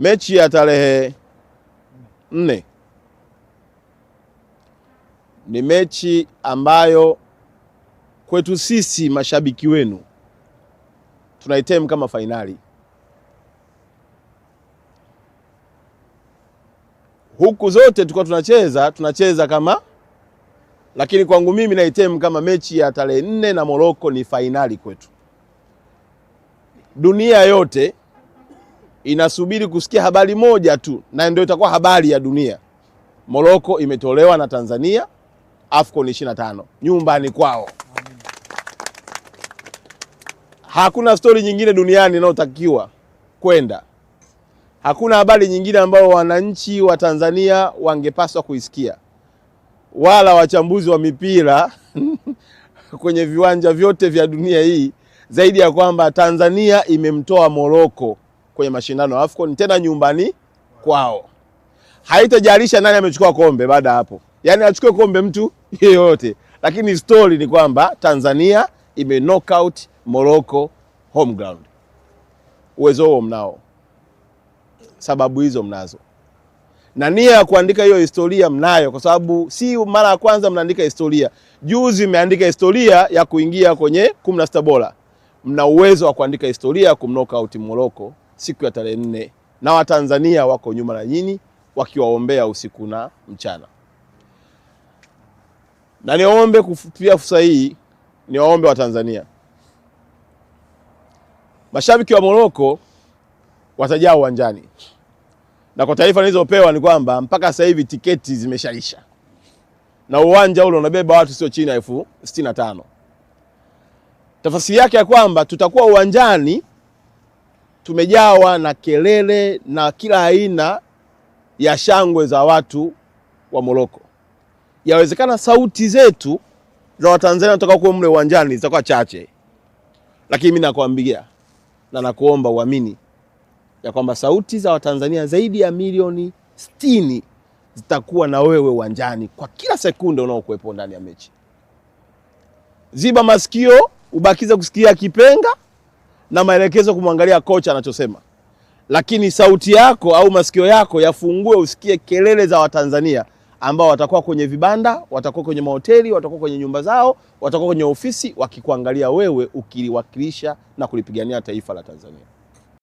mechi ya tarehe nne ni mechi ambayo kwetu sisi mashabiki wenu tunaitem kama fainali huku zote tulikuwa tunacheza tunacheza kama, lakini kwangu mimi naitem kama mechi ya tarehe nne na Morocco ni fainali kwetu. Dunia yote inasubiri kusikia habari moja tu, na ndio itakuwa habari ya dunia. moroko imetolewa na Tanzania AFCON 25 nyumbani kwao. Hakuna stori nyingine duniani inayotakiwa kwenda. Hakuna habari nyingine ambayo wananchi wa Tanzania wangepaswa kuisikia, wala wachambuzi wa mipira kwenye viwanja vyote vya dunia hii, zaidi ya kwamba Tanzania imemtoa moroko kwenye mashindano ya AFCON tena nyumbani kwao. Haitajalisha nani amechukua kombe baada hapo, yaani achukue kombe mtu yeyote, lakini story ni kwamba Tanzania ime knockout Morocco home ground. Uwezo huo mnao, sababu hizo mnazo, na nia ya kuandika hiyo historia mnayo, kwa sababu si mara ya kwanza mnaandika historia. Juzi mmeandika historia ya kuingia kwenye 16 bora. Mna uwezo wa kuandika historia ya kumknock out Morocco siku ya tarehe nne na Watanzania wako nyuma na nyinyi wakiwaombea usiku na mchana. Na niwaombe kufupia fursa hii, niwaombe Watanzania, mashabiki wa Moroko watajaa uwanjani, na kwa taarifa nilizopewa ni kwamba mpaka sasa hivi tiketi zimeshaisha na uwanja ule unabeba watu sio chini ya elfu sitini na tano. Tafasiri yake ya kwamba tutakuwa uwanjani tumejawa na kelele na kila aina ya shangwe za watu wa Moroko. Yawezekana sauti zetu za Watanzania kutoka huko mle uwanjani zitakuwa chache, lakini mimi nakwambia na nakuomba uamini ya kwamba sauti za Watanzania zaidi ya milioni sitini zitakuwa na wewe uwanjani kwa kila sekunde unaokuwepo ndani ya mechi. Ziba masikio ubakize kusikia kipenga na maelekezo kumwangalia kocha anachosema, lakini sauti yako au masikio yako yafungue usikie kelele za Watanzania ambao watakuwa kwenye vibanda, watakuwa kwenye mahoteli, watakuwa kwenye nyumba zao, watakuwa kwenye ofisi wakikuangalia wewe ukiliwakilisha na kulipigania taifa la Tanzania.